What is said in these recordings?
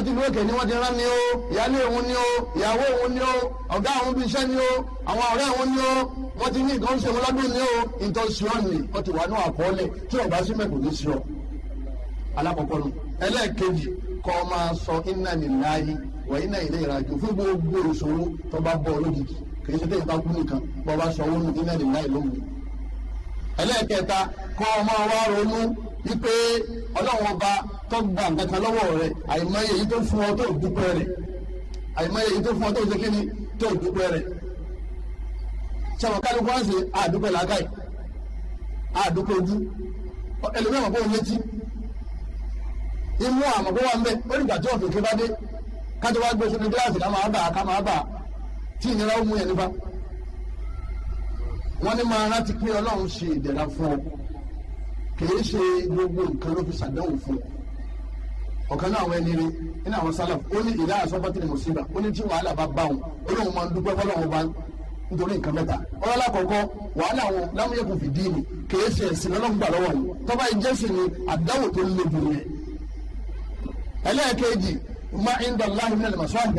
látinú òkè ni wọ́n ti rán ni o ìyálé òun ni o ìyàwó òun ni o ọ̀gá òun bí iṣẹ́ ni o àwọn ọ̀rẹ́ òun ni o wọ́n ti ní nǹkan ṣe wọn ni o nǹkan ṣe ni wọ́n ti wà ní àkọọ́lẹ̀ tí ọ̀gá ní ṣe ọ́ alákọ̀ọ́kọ́ nu ẹlẹ́ẹ̀kejì kọ́ sọ fún gbogbo ìṣòro tó bá bọ́ lójijì kì í ṣe téèyàn bá kú nìkan tó gba nǹkan kan lọ́wọ́ rẹ àìmọye yìí tó fún ọ tó dúpẹ́ rẹ àìmọye yìí tó fún ọ tó ṣe kíni tó dúpẹ́ rẹ sọ̀rọ̀ kálukú wá sí àdúpẹ́ làákàyè àdúpẹ́ ojú ẹlòmíràn mọ̀ kó wọn létí imú àmọ̀ kó wà ń bẹ ó nígbà tí ọ̀fìn kí bá dé kájọ wá gbé sínú gíláàsì ká máa bà ká máa bà tí ìnira ó mú yẹn nípa wọn ní máa rántí pé ọlọ́run ṣe ìdẹ̀ra fún ọ kì í ṣe gbogbo nǹkan ló fi ṣàdánwò fún ọ. ọ̀kan náà àwọn ẹni rí nínú àwọn sálàf ó ní ìlà àsọ́bátìrì mùsíbà ó ní tí wàhálà bá bá wọn olóhùn máa ń dúpẹ́ fọlọ́hún bá nítorí nǹkan mẹ́ta ọ̀rọ̀ alákọ̀ọ́kọ́ wàhálà wọn lámúyẹ̀kùn fìdí ni kèé ṣe ẹ̀sìn lọ́lọ́run gbà lọ́wọ́ wọn tọ́ba ìjẹ́sì ni àdáwò tó ń lójú rẹ̀ ẹlẹ́ẹ̀kejì ma inda Allah min al-masahib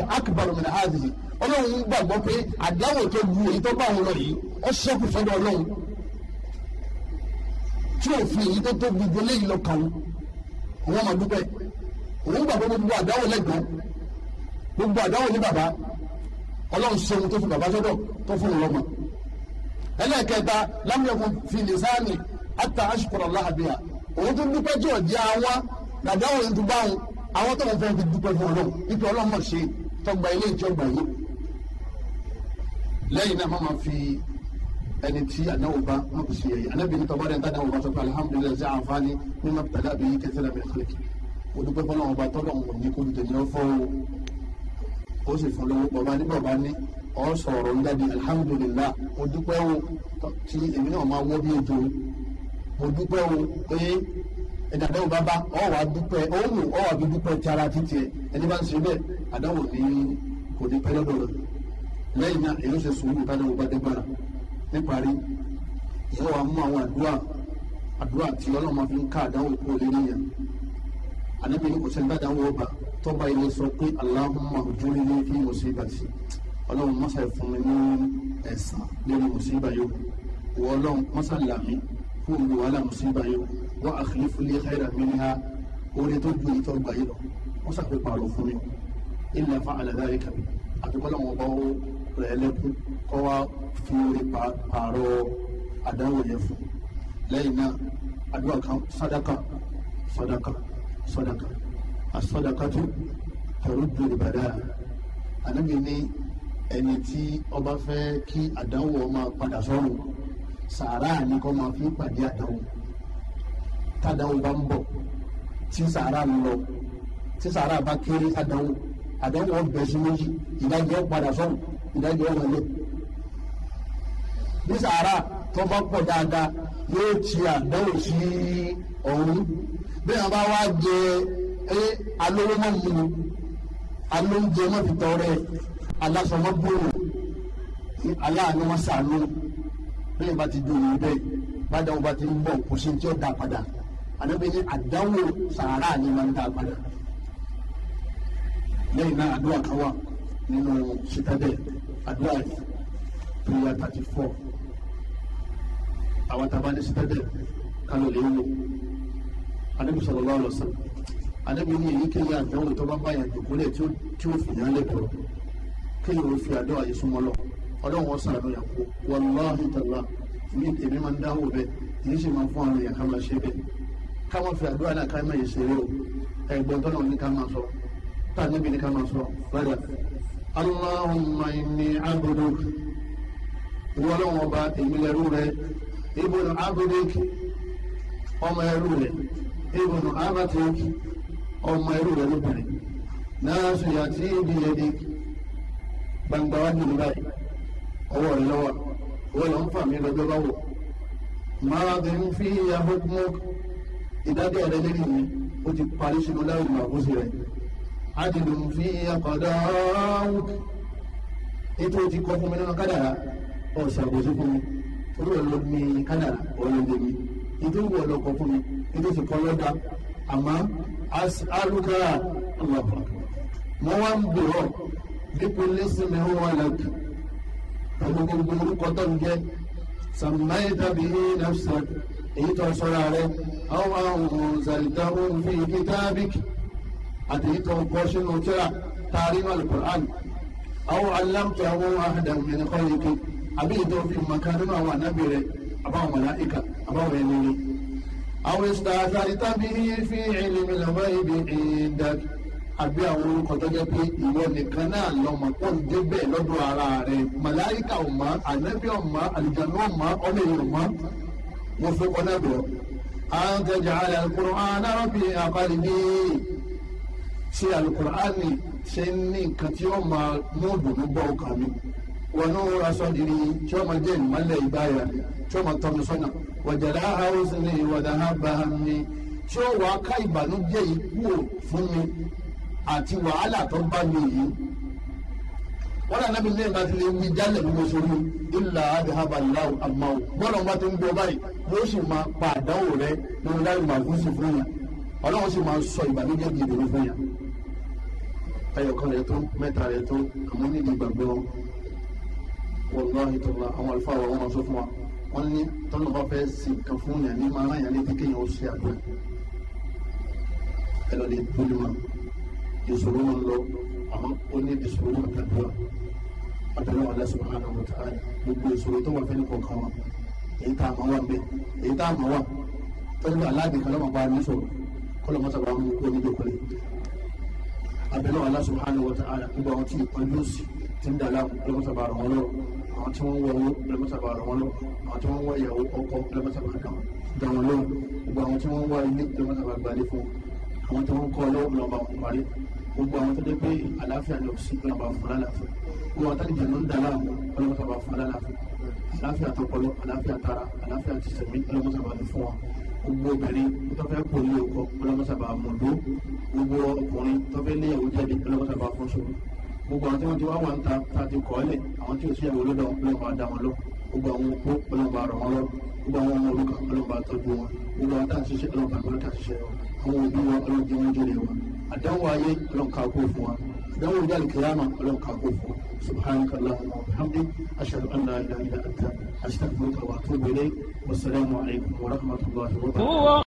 akbar òun gbàgbọ́ gbogbo àdáwò lẹ́gbọ́n gbogbo àdáwò ní bàbá ọlọ́run ṣe ohun tó fi bàbá sọ́dọ̀ tó fún ọlọ́mọ ẹlẹ́ẹ̀kẹta lámúyẹ̀kùn fi lìsáàni àtà àṣùkọ̀rọ̀ láàbíà òun tún dúpẹ́ jọ̀ jẹ́ àwọn dàdáwò ń dúpẹ́ àwọn àwọn tó ń fẹ́ fi dúpẹ́ fún ọlọ́run ipe ọlọ́mọ ṣe tọgbà ilé ìjọ gbà yìí lẹ́yìn náà máa fi ẹni tí àdáwò bá wọn kò sí ẹ̀yìn anábìyẹn tọ́gbọ́n mo dúpẹ́ fọlọ́run ọba tọ́lọ̀ mo ní kó tèmi lọ fọ́ o ó sì fún lọ́wọ́ bàbá ní bàbá ní ọ sọ̀rọ̀ ń jáde alhamdulillah mo dúpẹ́ o tí èmi náà máa wọ́ bí mo ọ ọ bí dúpẹ́ ti ara ẹni bá ń ṣe bẹ́ẹ̀ ní kò ní lẹ́yìn náà èyí ó ṣe wa mú àwọn àdúrà àdúrà tí ọlọ́run máa fi ń ká kúrò anabi ni kòsẹ́ńtà dáwọ́ ọba tọ́ba ilé sọ pé Allahumma ujurni fi musibati ọlọ́run mọ́sá fún mi ní ẹ̀san lórí musiba yòókù wọ ọlọ́run mọ́sá làmí fún mi wàhálà musiba yòókù wa akhlif li khayran minha orin tó ju ìtọ́ gbà yìí lọ mọ́sá pé pààrọ̀ fún mi illa fa'ala dhalika bi àtúkọ́lọ́wọ́n ọba ó rẹ̀ lẹ́kún kọ́ wa fi orin pààrọ̀ àdáwò yẹn fún lẹ́yìn náà àdúrà kan sàdákà sàdákà sọdaka asọdakatu tẹrùdù ìbàdà ànábì ní ẹni tí ọba fẹ́ kí àdánwò máa padà sọ́run sàárà ni kó máa fi pàdé àdánwò tàdánwò bá ń bọ̀ tí sàárà ń lọ tí sàárà bá kéré àdánwò àdánwò ọbẹ̀ sí méjì ìdájọ́ padà sọ́run ìdájọ́ wọlé ní sàárà tó bá dáadáa yóò ti àdánwò sí ọ̀run bí wọn bá wá jẹ ẹ alówó mọ mímu alóúnjẹ mọ fi tọrẹ aláfọmọ gbòòrò aláàánú wọn sàánú bí wọn bá ti dùn yìí bẹ́ẹ̀ bàdà wọn bá ti ń bọ̀ kò sí ní tí ó dà padà àdàbẹ ní àdánwò sàárà ni wọn dà padà lẹ́yìn náà àdúrà kan wà nínú sitadẹ àdúrà yìí prayer thirty four àwọn tàbá ní sitadẹ kálọ̀ lè wò. anábì sallallahu alaihi wasallam anábì ní èyíkéyìí àdánwò tó bá báyà dògúnlẹ̀ tí ó fìyàn lẹ́kọ̀ọ́ kéèyàn ò fi àdó àyè súnmọ́ lọ ọlọ́run wọn sàánú yàn sara wàláhì tàlá ní èmi máa ń dáhùn bẹ́ẹ̀ èyí sì máa fún àwọn èèyàn ká máa ṣe bẹ́ẹ̀ fi o sọ sọ Allahumma inni ọba èmi lẹ́rú rẹ ibùdó ọmọ ibùdó àbàtì ọmọ ẹrú rẹ lóbìnrin náà sùyà tí ibi ẹni gbangba wá nínú báyìí ọwọ́ rẹ lọ́wọ́ wọ́n lọ ń fà mí lọ́jọ́ bá wò máa bí ń fi yahoo mú ìdájọ́ rẹ lẹ́yìn mi ó ti parí sínú láwùjọ àkóso rẹ àdìlù ń fi akọ̀dọ̀ ọ̀hún ètò ti kọ́ fún mi nínú kádàrá ọ̀sẹ̀ fún mi olóòlù mi kádàrá ọ̀lọ́dẹ̀ mi ìdí wù ọ lọkọ fún mi ìdí sì kọ́ lọ́dà àmọ́ alukara ọlọ́pàá wọ́n wá ń bùrọ̀ dípò lẹ́sìn mi wọ́n wà lẹ́kì pẹ̀lú gbogbo orúkọ tó ń jẹ́ sàmáyé tàbí nàfṣà èyí tó sọ́ra rẹ̀ àwọn àwọn zàlìtà òun fi ìdí tábìkì àti èyí tó kọ́ sínú tíra tààrí náà alukur'an àwọn alámtò àwọn ahadàmì yìí kí àbí ìtọ́ fi màkà nínú àwọn ànábì rẹ̀ àbáwọn àbáwọn ẹni ni. àwọn ìsìtàkàrí tábí fi ìlìmí lọ́mọ ibi ìdàbí àbí àwọn orúkọ tó jẹ́ pé ìwọ nìkan náà lọ́mọ tó ń débẹ̀ lọ́dọ̀ ara rẹ̀ màláìkà ò mọ̀ ànábì ò mọ̀ àlùjànnú ò mọ̀ ọlẹ́yìn ò mọ̀ mo fi kọ́nà bọ̀. àwọn kẹjà àlẹ́ al-Qur'ana rabbi aqalbi ṣe alukur'ani ṣe ń ní nǹkan tí ó máa mú dùnú bọ́ ọkàn mi wọnú aṣọ ìrìn tí ó máa jẹ́ ìmọ́lẹ̀ ìgbáyà tí ó máa tọ́ mi sọ́nà wọ̀jẹ̀dá àwòsàn ní ìwọ̀dàhà bàmí ṣé ó wàá ká ìbànújẹ́ ikú ò fún mi àti wàhálà tó bá mi yìí wọ́n lànà bí lẹ́yìn bá ti lè wí jálẹ̀ bí mo sori ilà adahaba lawu amawu bọ́lá wọn bá ti ń bọ báyìí wọ́n sì máa pa àdánwò rẹ lórí láyé màá fún sí fún yàn ọlọ́run sì máa sọ ìbànújẹ́ di ìdòwò fún yàn. ayọ̀kan rẹ̀ tó mẹ́ta rẹ̀ tó àmọ́ nídìí gbàgbọ́ wọn lọ́wọ́ àwọn àlùfáà wọn máa sọ fún wa wọ́n ní tọ́nà bá fẹ́ sí nǹkan fún yàn ní máa ń yàn níbi kéèyàn ó ṣe àdúrà ẹ lọ lè búlù wọn ìṣòro wọn lọ àmọ́ ó ní ìṣòro wọn kàdúrà àdúrà wọn lẹ́sùn hàn àwọn ọ̀tá rẹ̀ gbogbo ìṣòro tó wà fẹ́ni kọ̀ọ̀kan wọn èyí tá a mọ̀ wà ń bẹ̀ èyí tá a mọ̀ wà tọ́jú bá kan lọ́mọ bá a ní sọ̀rọ̀ kọ́lọ̀ àwọn tí wọ́n ń wọ owó ọlọ́mọsàbà rọ̀ wọ́n lọ́wọ́ àwọn tí wọ́n ń wọ ìyàwó ọkọ ọlọ́mọsàbà dá wọn lóhùn gbogbo àwọn tí wọ́n ń wọ ilé ọlọ́mọsàbà gbalẹ̀ fún àwọn tí wọ́n ń kọ́ ọlọ́wọ́ lọ́ba parí gbogbo àwọn tó dé pé àlàáfíà ni òsì lọ́ba fún lálàáfíà gbogbo àwọn tálíjà ló ń dà láàmú ọlọ́mọsàbà fún lálàáfíà àlàáfíà tọpọlọ àlàáfíà tara àlàáfíà tìsẹ̀mí ọlọ́mọsàbà ló fún wa gbogbo obìnrin tó fẹ́ kó ilé ọkọ ọlọ́mọsàbà mọ̀dó gbogbo ọkùnrin tó fẹ́ léyàwó jáde ọlọ́mọsàbà fún sọ́run gbogbo àwọn tí wọ́n ti wá wọn ta ta ti kọ́ lẹ̀ àwọn tí ò sí ìyàwó lọ́dọ̀ ọlọ́mọ àdá wọn lọ gbogbo àwọn opó ọlọ́mọ àrọ̀ wọn lọ gbogbo àwọn ọmọ olùkọ́ ọlọ́mọ àtọ́jú wọn gbogbo àwọn táà ṣiṣẹ́ ọlọ́mọ àgbàlódà ṣiṣẹ́ wọn àwọn òbí wọn ọlọ́mọ jẹ́rẹ́ wọn àdánwò ayé ọlọ́mọ kàkó fún wa àdánwò ìjà kìlámà ọlọ́mọ fún wa سبحانك اللهم وبحمدك أشهد أن